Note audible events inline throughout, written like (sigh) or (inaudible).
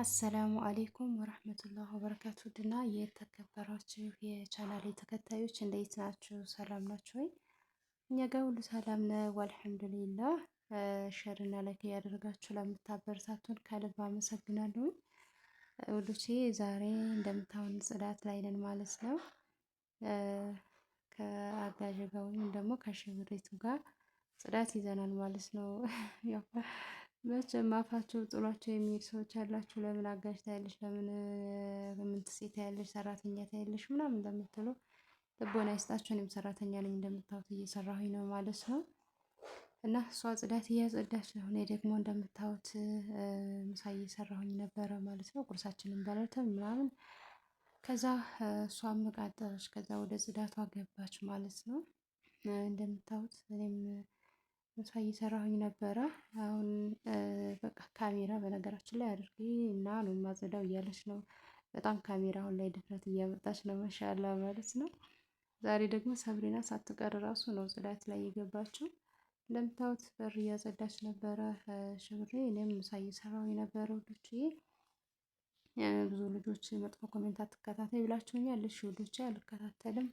አሰላሙ አሌይኩም ወረህመቱላህ ወበረካቱ ድና የተከበራችሁ የቻናሌ ተከታዮች እንዴት ናችሁ? ሰላም ናችሁ ወይ? እኛ ጋር ሁሉ ሰላም ነው አልሐምዱሊላህ። ሸርና ላይክ እያደረጋችሁ ለምታበረታቱን ከልብ አመሰግናለሁ። ውዶቼ ዛሬ እንደምታውን ጽዳት ላይ ነን ማለት ነው። ከአጋዥ ጋር ወይም ደግሞ ከሽብሪቱ ጋር ጽዳት ይዘናል ማለት ነው። መቼም አፋቸው ጥሏቸው የሚሄድ ሰዎች ያላችሁ ለምን አጋዥ ታያለሽ፣ ለምን ምን ትሴት ታያለሽ? ሰራተኛ ታያለሽ ምናምን እንደምትሉ ልቦና ይስጣችሁ። እኔም ሰራተኛ ነኝ እንደምታዩት እየሰራሁኝ ነው ማለት ነው። እና እሷ ጽዳት እያጸዳች ነው፣ እኔ ደግሞ እንደምታዩት ምሳ እየሰራሁኝ ነበረ ማለት ነው። ቁርሳችንን በለተን ምናምን ከዛ እሷ መቃጠረች፣ ከዛ ወደ ጽዳቷ ገባች ማለት ነው እንደምታዩት እኔም ምሳ እየሰራሁኝ ነበረ። አሁን በቃ ካሜራ በነገራችን ላይ አድርጊ እና ነው የማጸዳው እያለች ነው። በጣም ካሜራ አሁን ላይ ድፍረት እያመጣች ነው መሻላ ማለት ነው። ዛሬ ደግሞ ሰብሪና ሳትቀር ራሱ ነው ጽዳት ላይ የገባችው። እንደምታዩት በር እያጸዳች ነበረ ሽብሬ። እኔም ምሳ እየሰራሁኝ ነበረ ውዶችዬ። ብዙ ልጆች መጥፎ ኮሜንት አትከታተይ ብላችሁኛል። እሺ ውዶቼ አልከታተልም።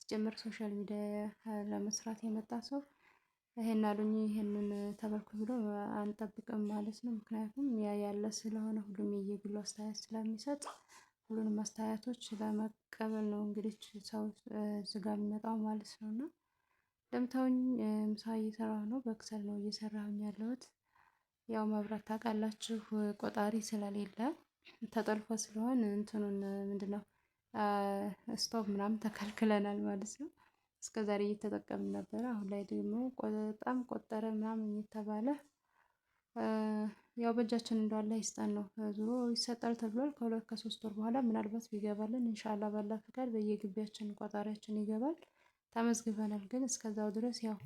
ሲጀምር ሶሻል ሚዲያ ለመስራት የመጣ ሰው ይሄን አሉኝ ይሄንን ተመልኩ ብሎ አንጠብቅም ማለት ነው። ምክንያቱም ያ ያለ ስለሆነ ሁሉም የየግሉ አስተያየት ስለሚሰጥ ሁሉንም አስተያየቶች ለመቀበል ነው እንግዲህ ሰው ስጋ የሚመጣው ማለት ነው። እና እንደምታዩኝ ምሳ እየሰራሁ ነው። በክሰል ነው እየሰራሁኝ ያለሁት። ያው መብራት ታውቃላችሁ ቆጣሪ ስለሌለ ተጠልፎ ስለሆን እንትኑን ምንድነው ስቶቭ ምናምን ተከልክለናል ማለት ነው። እስከ ዛሬ እየተጠቀምን ነበረ። አሁን ላይ ደግሞ በጣም ቆጠረ ምናምን እየተባለ ያው በእጃችን እንዳለ ይስጠን ነው ዙሮ ይሰጣል ተብሏል። ከሁለት ከሶስት ወር በኋላ ምናልባት ይገባልን እንሻላ ባላ ፍቃድ በየግቢያችን ቆጣሪያችን ይገባል። ተመዝግበናል። ግን እስከዛው ድረስ ያው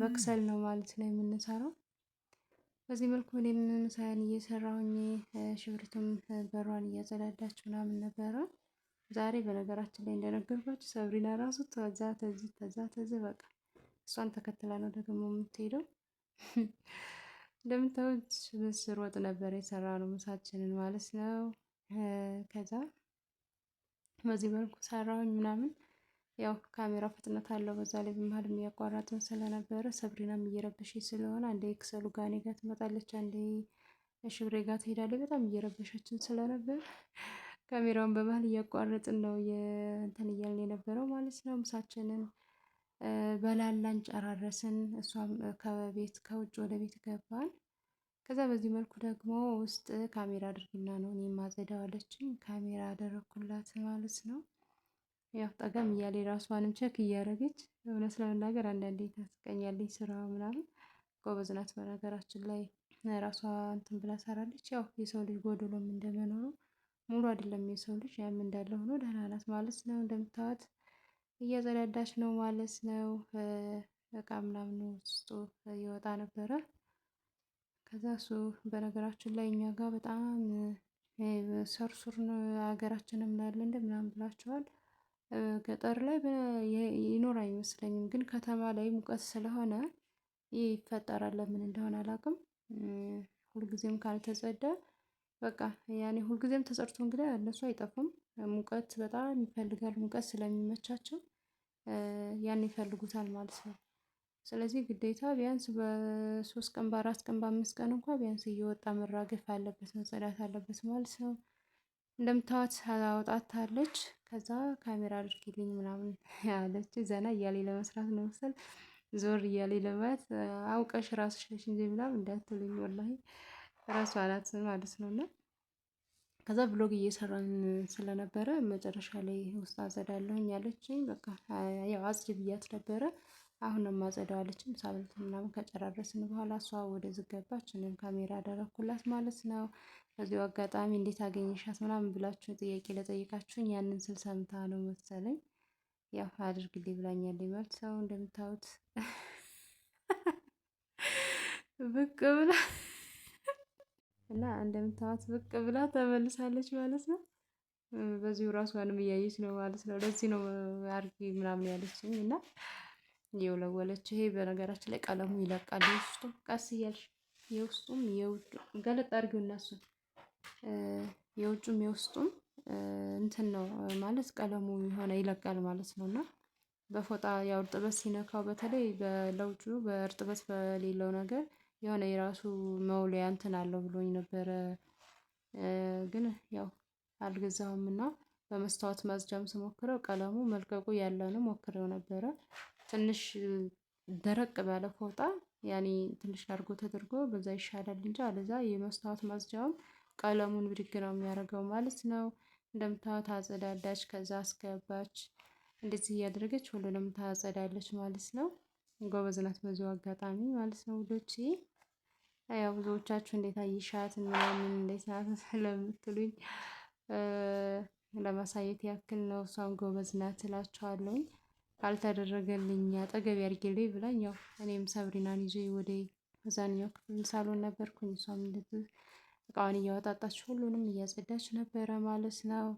በክሰል ነው ማለት ነው የምንሰራው። በዚህ መልኩ እኔም ምሳያን እየሰራሁኝ ሽብርትም በሯን እያዘዳዳች ምናምን ነበረ። ዛሬ በነገራችን ላይ እንደነገርኳችሁ ሰብሪና ራሱ ተዛ ተዚህ ተዛ ተዚህ በቃ እሷን ተከትላ ነው ደግሞ የምትሄደው። (laughs) እንደምታዩት ምስር ወጥ ነበር የሰራ ነው ምሳችንን ማለት ነው። ከዛ በዚህ መልኩ ሰራሁኝ ምናምን ያው ካሜራ ፍጥነት አለው። በዛ ላይ በመሀል የሚያቋራጥን ስለነበረ ሰብሪናም እየረበሽ ስለሆነ አንዴ የክሰሉ ጋኔ ጋር ትመጣለች፣ አንዴ ሽብሬ ጋር ትሄዳለች። በጣም እየረበሸችን ስለነበር ካሜራውን በባህል እያቋረጥን ነው እንትን እያልን የነበረው ማለት ነው። ምሳችንን በላላን ጨራረስን። እሷም ከቤት ከውጭ ወደ ቤት ገባን። ከዛ በዚህ መልኩ ደግሞ ውስጥ ካሜራ አድርግና ነው እኔ ማዘዳዋለችኝ ካሜራ አደረኩላት ማለት ነው። ያው ጠቀም እያለ ራሷንም ቸክ እያደረገች እውነት ለመናገር አንዳንዴ ታስቀኛለኝ ስራ ምናምን ጎበዝ ናት። በነገራችን ላይ ራሷ እንትን ብላ ሰራለች። ያው የሰው ልጅ ጎደሎም እንደመኖሩ ሙሉ አይደለም የሰው ልጅ ያም እንዳለ ሆኖ ደህና ናት ማለት ነው። እንደምታዩት እያጸዳዳች ነው ማለት ነው። እቃ ምናምን ውስጡ እየወጣ ነበረ። ከዛ እሱ በነገራችን ላይ እኛ ጋር በጣም ሰርሱር ሀገራችን ምናለ እንደ ምናምን ብላችኋል። ገጠር ላይ ይኖር አይመስለኝም፣ ግን ከተማ ላይ ሙቀት ስለሆነ ይፈጠራል። ለምን እንደሆነ አላውቅም። ሁልጊዜም ካልተጸዳ በቃ ያኔ ሁልጊዜም ተጸርቶ እንግዳ እነሱ አይጠፉም ሙቀት በጣም ይፈልጋል። ሙቀት ስለሚመቻቸው ያን ይፈልጉታል ማለት ነው። ስለዚህ ግዴታ ቢያንስ በሶስት ቀን በአራት ቀን በአምስት ቀን እንኳ ቢያንስ እየወጣ መራገፍ አለበት መጸዳት አለበት ማለት ነው። እንደምታዩት አውጣታለች ከዛ ካሜራ አድርጊልኝ ምናምን ያለች ዘና እያሌ ለመስራት ነው መሰል ዞር እያሌ ለማየት አውቀሽ ራስሽ ነሽ እንጂ ምናምን እንዳትሉኝ ወላሂ ራሷ ናት ማለት ነው። እና ከዛ ብሎግ እየሰራን ስለነበረ መጨረሻ ላይ ውስጥ አጸዳለሁኝ ያለችኝ በቃ ያው አጽድ ብያት ነበረ። አሁን ነው ማጸዳው አለችኝ። ምሳ ምናምን ከጨራረስን በኋላ እሷ ወደ ዝገባች እኔም ካሜራ አደረኩላት ማለት ነው። በዚሁ አጋጣሚ እንዴት አገኘሻት ምናምን ብላችሁን ጥያቄ ለጠይቃችሁን ያንን ስል ሰምታ ነው መሰለኝ ያው አድርግልኝ ብላኛለኝ ማለት ሰው እንደምታዩት ብቅ ብላ እና እንደምታዋት ብቅ ብላ ተመልሳለች ማለት ነው። በዚሁ ራሷንም እያየች ነው ማለት ነው። ለዚህ ነው አርጊ ምናምን ያለችኝ እና የወለወለች። ይሄ በነገራችን ላይ ቀለሙ ይለቃል። ውስጡ ቀስ እያልሽ የውስጡም ገለጥ አርጊው እናሱ የውጩም የውስጡም እንትን ነው ማለት ቀለሙ የሆነ ይለቃል ማለት ነው እና በፎጣ ያው እርጥበት ሲነካው በተለይ በለውጩ በእርጥበት በሌለው ነገር የሆነ የራሱ መውለያ እንትን አለው ብሎኝ ነበረ። ግን ያው አልገዛሁም እና በመስታወት ማጽጃም ስሞክረው ቀለሙ መልቀቁ ያለ ነው። ሞክሬው ነበረ ትንሽ ደረቅ ባለ ፎጣ ያኔ ትንሽ አድርጎ ተደርጎ በዛ ይሻላል እንጂ አለዛ የመስታወት ማጽጃውም ቀለሙን ብድግ ነው የሚያደርገው ማለት ነው። እንደምታዩት አጸዳዳች፣ ከዛ አስገባች፣ እንደዚህ እያደረገች ሁሉንም ታጸዳለች ማለት ነው። ጎበዝናት በዚሁ አጋጣሚ ማለት ነው ውዶቼ። ያው ብዙዎቻችሁ እንዴት አይሻት ምናምን እንዴት ናት ስለምትሉኝ (laughs) ለማሳየት ያክል ነው። እሷም ጎበዝ ናት እላቸዋለሁኝ። አጠገብ ያርጌልኝ ብላኝ፣ ያው እኔም ሰብሪናን ይዞ ወደ መዛኛው ክፍል ሳሎን ነበርኩኝ። እሷም እንደዚህ እቃዋን እያወጣጣች ሁሉንም እያጸዳች ነበረ ማለት ነው።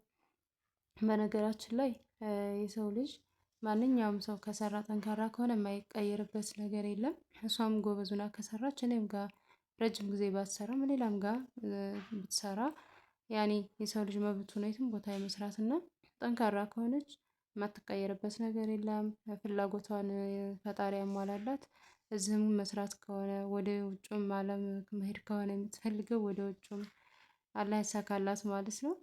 በነገራችን ላይ የሰው ልጅ ማንኛውም ሰው ከሰራ ጠንካራ ከሆነ የማይቀየርበት ነገር የለም። እሷም ጎበዙና ከሰራች እኔም ጋር ረጅም ጊዜ ባትሰራም ሌላም ጋር ብትሰራ ያኔ የሰው ልጅ መብቱ ነው የትም ቦታ የመስራት እና ጠንካራ ከሆነች የማትቀየርበት ነገር የለም። ፍላጎቷን ፈጣሪ ያሟላላት። እዚህም መስራት ከሆነ ወደ ውጩም አለም መሄድ ከሆነ የምትፈልገው ወደ ውጩም አላህ ያሳካላት ማለት ነው።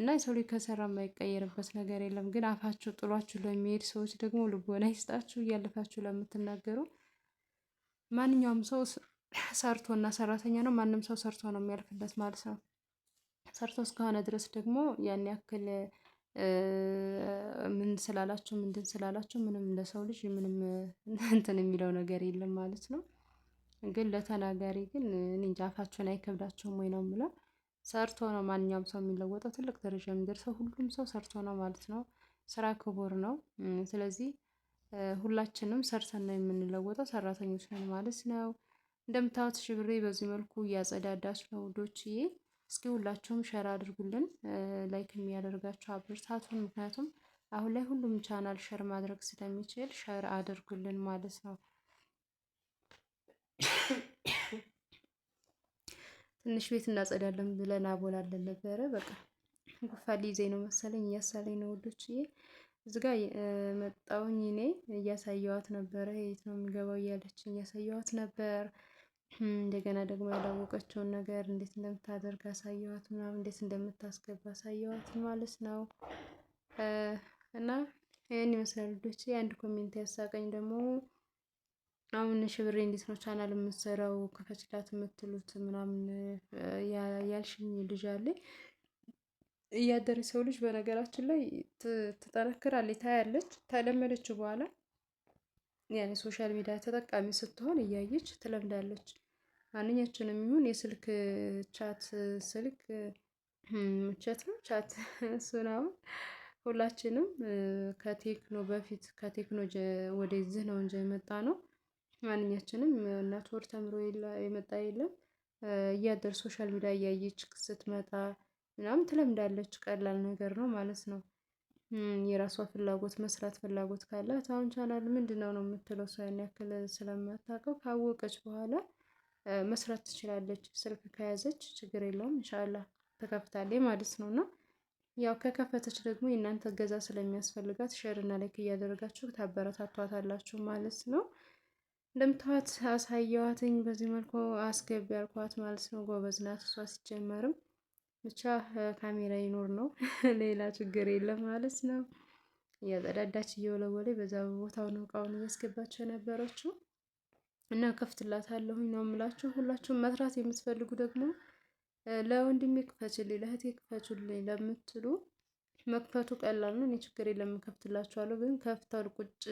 እና የሰው ልጅ ከሰራ የማይቀየርበት ነገር የለም። ግን አፋችሁ ጥሏችሁ ለሚሄድ ሰዎች ደግሞ ልቦና ይስጣችሁ እያለፋችሁ ለምትናገሩ ማንኛውም ሰው ሰርቶ እና ሰራተኛ ነው። ማንም ሰው ሰርቶ ነው የሚያልፍለት ማለት ነው። ሰርቶ እስከሆነ ድረስ ደግሞ ያን ያክል ምን ስላላችሁ ምንድን ስላላችሁ ምንም ለሰው ልጅ ምንም እንትን የሚለው ነገር የለም ማለት ነው። ግን ለተናጋሪ ግን እንጃ አፋችሁን አይከብዳችሁም ወይ ነው የምለው። ሰርቶ ነው ማንኛውም ሰው የሚለወጠው፣ ትልቅ ደረጃ የሚደርሰው ሁሉም ሰው ሰርቶ ነው ማለት ነው። ስራ ክቡር ነው። ስለዚህ ሁላችንም ሰርተን ነው የምንለወጠው፣ ሰራተኞች ነን ማለት ነው። እንደምታዩት ሽብሬ በዚህ መልኩ እያጸዳዳች ነው ውዶችዬ። እስኪ ሁላችሁም ሸር አድርጉልን፣ ላይክ የሚያደርጋቸው አብርታቱን። ምክንያቱም አሁን ላይ ሁሉም ቻናል ሸር ማድረግ ስለሚችል ሸር አድርጉልን ማለት ነው። ትንሽ ቤት እናጸዳለን ብለን አቦላለን ነበረ። በቃ ጉፋ ሊይዘኝ ነው መሰለኝ እያሳለኝ ነው ውዶችዬ። እዚ ጋ መጣውኝ እኔ እያሳየዋት ነበረ። የት ነው የሚገባው እያለች እያሳየዋት ነበር። እንደገና ደግሞ ያላወቀችውን ነገር እንዴት እንደምታደርግ አሳየኋት ምናምን እንዴት እንደምታስገባ አሳየኋት ማለት ነው። እና ይህን ይመስላል ልጆች። የአንድ ኮሜንት ያሳቀኝ ደግሞ አሁን ሽብሬ እንዴት ነው ቻናል የምትሰራው ከፈችላት የምትሉት ምናምን ያልሽኝ ልጅ አለ። እያደረ ሰው ልጅ በነገራችን ላይ ትጠነክራለች፣ ታያለች፣ ተለመደችው በኋላ ያኔ ሶሻል ሚዲያ ተጠቃሚ ስትሆን እያየች ትለምዳለች። ማንኛችንም ይሁን የስልክ ቻት ስልክ ምቸት ነው ቻት (laughs) እሱን ሁላችንም ከቴክኖ በፊት ከቴክኖ ወደዚህ ነው እንጂ የመጣ ነው። ማንኛችንም እናት ተምሮ የመጣ የለም። እያደር ሶሻል ሚዲያ እያየች ስትመጣ ምናምን ትለምዳለች። ቀላል ነገር ነው ማለት ነው። የራሷ ፍላጎት መስራት ፍላጎት ካላት አሁን ቻናል ምንድነው ነው የምትለው እሷ ያን ያክል ስለማታውቀው ካወቀች በኋላ መስራት ትችላለች። ስልክ ከያዘች ችግር የለውም እንሻላ ተከፍታለች ማለት ነው። እና ያው ከከፈተች ደግሞ የእናንተ እገዛ ስለሚያስፈልጋት ሼር እና ላይክ እያደረጋችሁ ታበረታቷታላችሁ ማለት ነው። እንደምታዋት አሳየዋትኝ በዚህ መልኩ አስገቢ ያልኳት ማለት ነው። ጎበዝ ናት እሷ ሲጀመርም ብቻ ካሜራ ይኖር ነው፣ (laughs) ሌላ ችግር የለም ማለት ነው። እያጸዳዳች እየወለወለ በዛ ቦታው ነው እቃውን እያስገባቸው የነበረችው እና ከፍትላታለሁኝ ነው የምላችሁ። ሁላችሁም መስራት የምትፈልጉ ደግሞ ለወንድሜ ክፈችልኝ፣ ለእህቴ ክፈችልኝ ለምትሉ መክፈቱ ቀላል ነው። እኔ ችግር የለም ከፍትላችኋለሁ። ግን ከፍተው ቁጭ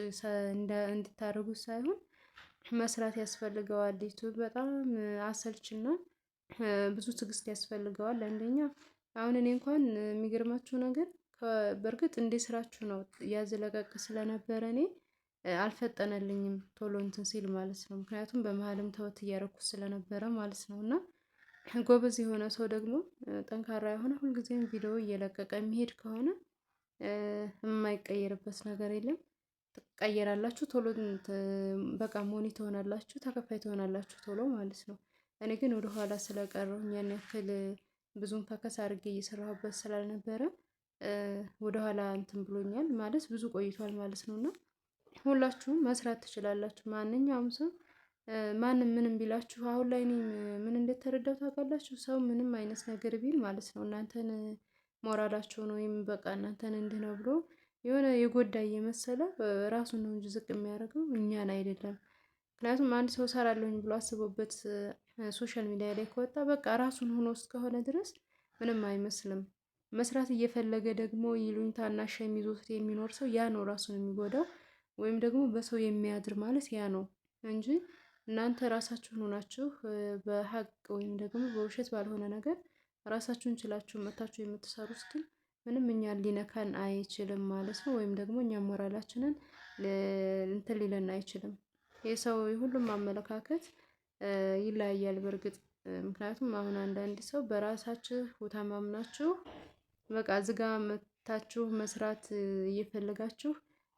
እንድታደርጉ ሳይሆን መስራት ያስፈልገዋል። ዩቱብ በጣም አሰልችና ብዙ ትዕግስት ያስፈልገዋል። አንደኛ አሁን እኔ እንኳን የሚገርማችሁ ነገር በእርግጥ እንዴ ስራችሁ ነው ያዘለቀቅ ስለነበረ እኔ አልፈጠነልኝም ቶሎ እንትን ሲል ማለት ነው። ምክንያቱም በመሀልም ተወት እያረኩ ስለነበረ ማለት ነው። እና ጎበዝ የሆነ ሰው ደግሞ ጠንካራ የሆነ ሁልጊዜም ቪዲዮ እየለቀቀ የሚሄድ ከሆነ የማይቀየርበት ነገር የለም። ትቀየራላችሁ ቶሎ፣ በቃ ሞኒ ትሆናላችሁ፣ ተከፋይ ትሆናላችሁ ቶሎ ማለት ነው። እኔ ግን ወደኋላ ስለቀረሁኝ ያን ያክል ብዙም ፈከስ አድርጌ እየሰራሁበት ስላልነበረ ወደኋላ እንትን ብሎኛል ማለት ብዙ ቆይቷል ማለት ነው። እና ሁላችሁም መስራት ትችላላችሁ። ማንኛውም ሰው ማንም ምንም ቢላችሁ፣ አሁን ላይ እኔ ምን እንደተረዳሁ ታውቃላችሁ? ሰው ምንም አይነት ነገር ቢል ማለት ነው እናንተን ሞራላችሁን ወይም በቃ እናንተን እንዲህ ነው ብሎ የሆነ የጎዳ እየመሰለ ራሱን ነው እንጂ ዝቅ የሚያደርገው እኛን አይደለም። ምክንያቱም አንድ ሰው ሰራለሁኝ ብሎ አስቦበት ሶሻል ሚዲያ ላይ ከወጣ በቃ ራሱን ሆኖ እስከሆነ ድረስ ምንም አይመስልም። መስራት እየፈለገ ደግሞ ይሉኝታና ሸሚዝ ይዞት የሚኖር ሰው ያ ነው ራሱን የሚጎዳው ወይም ደግሞ በሰው የሚያድር ማለት ያ ነው እንጂ እናንተ ራሳችሁን ሆናችሁ በሀቅ ወይም ደግሞ በውሸት ባልሆነ ነገር ራሳችሁን ችላችሁ መታችሁ የምትሰሩት ግን ምንም እኛን ሊነካን አይችልም ማለት ነው። ወይም ደግሞ እኛ ሞራላችንን እንትን ሊለን አይችልም። የሰው ሁሉም አመለካከት ይለያያል በእርግጥ ምክንያቱም አሁን አንዳንድ ሰው በራሳችሁ ታማምናችሁ በቃ ዝጋ መታችሁ መስራት እየፈለጋችሁ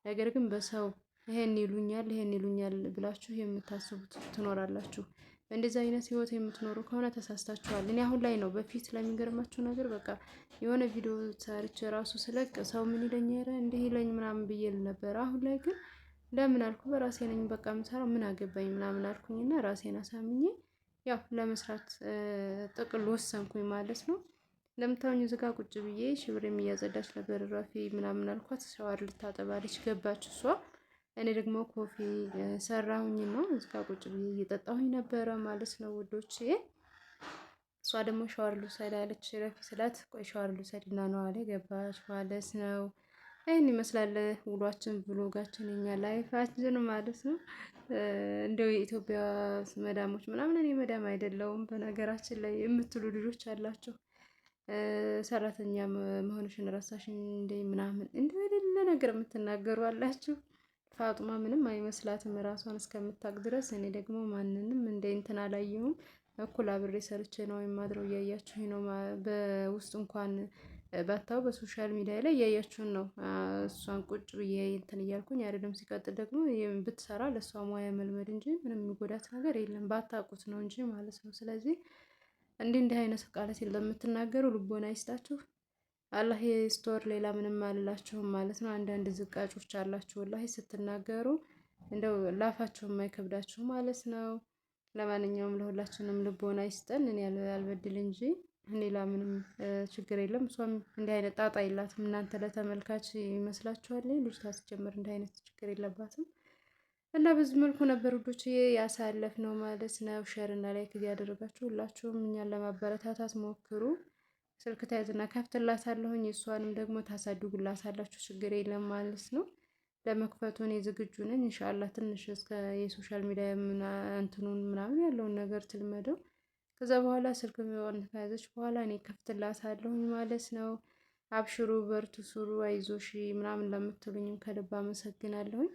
ነገር ግን በሰው ይሄን ይሉኛል ይሄን ይሉኛል ብላችሁ የምታስቡት ትኖራላችሁ። በእንደዚህ አይነት ህይወት የምትኖሩ ከሆነ ተሳስታችኋል። እኔ አሁን ላይ ነው በፊት ለሚገርማችሁ ነገር በቃ የሆነ ቪዲዮ ሰርቼ ራሱ ስለቅ ሰው ምን ይለኛል እንዲህ ይለኝ ምናምን ብዬ ነበር። አሁን ላይ ግን ለምን አልኩ በራሴ ነኝ በቃ የምሰራው ምን አገባኝ ምናምን አልኩኝና ራሴን አሳምኜ ያው ለመስራት ጥቅል ወሰንኩኝ ማለት ነው። ለምታውኝ ዝጋ ቁጭ ብዬ ሽብሬም እያጸዳች ነበር። ራፊ ምናምን አልኳት ሸዋር ልታጠባለች ገባች እሷ። እኔ ደግሞ ኮፊ ሰራሁኝ ነው ዝጋ ቁጭ ብዬ እየጠጣሁኝ ነበረ ማለት ነው ውዶች። እሷ ደግሞ ሸዋር ልውሰድ አለች። ረፊ ስላት ቆይ ሸዋር ልውሰድ እና ነው አለ ገባች ማለት ነው። ይህን ይመስላል ውሏችን፣ ብሎጋችን፣ እኛ ላይፋችን ማለት ነው። እንደው የኢትዮጵያ መዳሞች ምናምን እኔ መዳም አይደለውም በነገራችን ላይ የምትሉ ልጆች አላቸው። ሰራተኛ መሆንሽን ረሳሽኝ እንደ ምናምን እንደ የሌለ ነገር የምትናገሩ አላችሁ። ፋጡማ ምንም አይመስላትም ራሷን እስከምታቅ ድረስ። እኔ ደግሞ ማንንም እንደ እንትን አላየሁም። እኩል አብሬ ሰርቼ ነው የማድረው። እያያችሁኝ ነው በውስጥ እንኳን ባታው በሶሻል ሚዲያ ላይ እያያችሁን ነው። እሷን ቁጭ ብዬ እንትን እያልኩኝ አይደለም። ሲቀጥል ደግሞ ብትሰራ ለእሷ ሙያ መልመድ እንጂ ምንም የሚጎዳት ነገር የለም። ባታውቁት ነው እንጂ ማለት ነው። ስለዚህ እንዲህ እንዲህ አይነት ቃላት ለምትናገሩ ልቦና ይስጣችሁ። አላህ ስቶር ሌላ ምንም አልላችሁም ማለት ነው። አንዳንድ ዝቃጮች አላችሁ ላይ ስትናገሩ እንደው ላፋችሁም አይከብዳችሁ ማለት ነው። ለማንኛውም ለሁላችንም ልቦና ይስጠን። እኔ አልበድል እንጂ ሌላ ምንም ችግር የለም። እሷም እንዲህ አይነት ጣጣ የላትም። እናንተ ለተመልካች ይመስላችኋል? ልጅ ታስጀምር እንዲህ አይነት ችግር የለባትም። እና በዚህ መልኩ ነበር ውዶች ያሳለፍ ነው ማለት ነው። ሸር እና ላይክ እያደረጋችሁ ሁላችሁም እኛን ለማበረታታት ሞክሩ። ስልክ ተያዝና ከፍትላታለሁኝ እሷንም ደግሞ ታሳድጉላታላችሁ። ችግር የለም ማለት ነው። ለመክፈቱ እኔ ዝግጁ ነኝ። እንሻላ ትንሽ እስከ የሶሻል ሚዲያ እንትኑን ምናምን ያለውን ነገር ትልመደው ከዛ በኋላ ስልክ ሚሆን ከያዘች በኋላ እኔ ከፍትላታለሁኝ ማለት ነው። አብሽሩ፣ በርቱ፣ ስሩ፣ አይዞሽ ምናምን ለምትሉኝም ከልብ አመሰግናለሁኝ።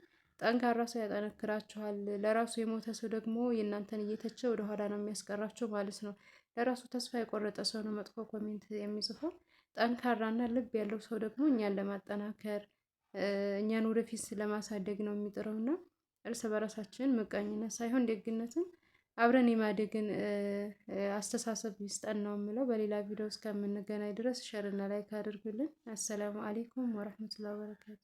ጠንካራ ሰው ያጠነክራችኋል። ለራሱ የሞተ ሰው ደግሞ የእናንተን እየተቸ ወደኋላ ነው የሚያስቀራቸው ማለት ነው። ለራሱ ተስፋ የቆረጠ ሰው ነው መጥፎ ኮሜንት የሚጽፈው። ጠንካራና ልብ ያለው ሰው ደግሞ እኛን ለማጠናከር እኛን ወደፊት ለማሳደግ ነው የሚጥረውና እርስ በራሳችን ምቀኝነት ሳይሆን ደግነትን አብረን የማደግን አስተሳሰብ ይስጠን ነው የምለው። በሌላ ቪዲዮ እስከምንገናኝ ድረስ ሸርና ላይክ አድርጉልን። አሰላሙ አሌይኩም ወረህመቱላሂ ወበረካቱ።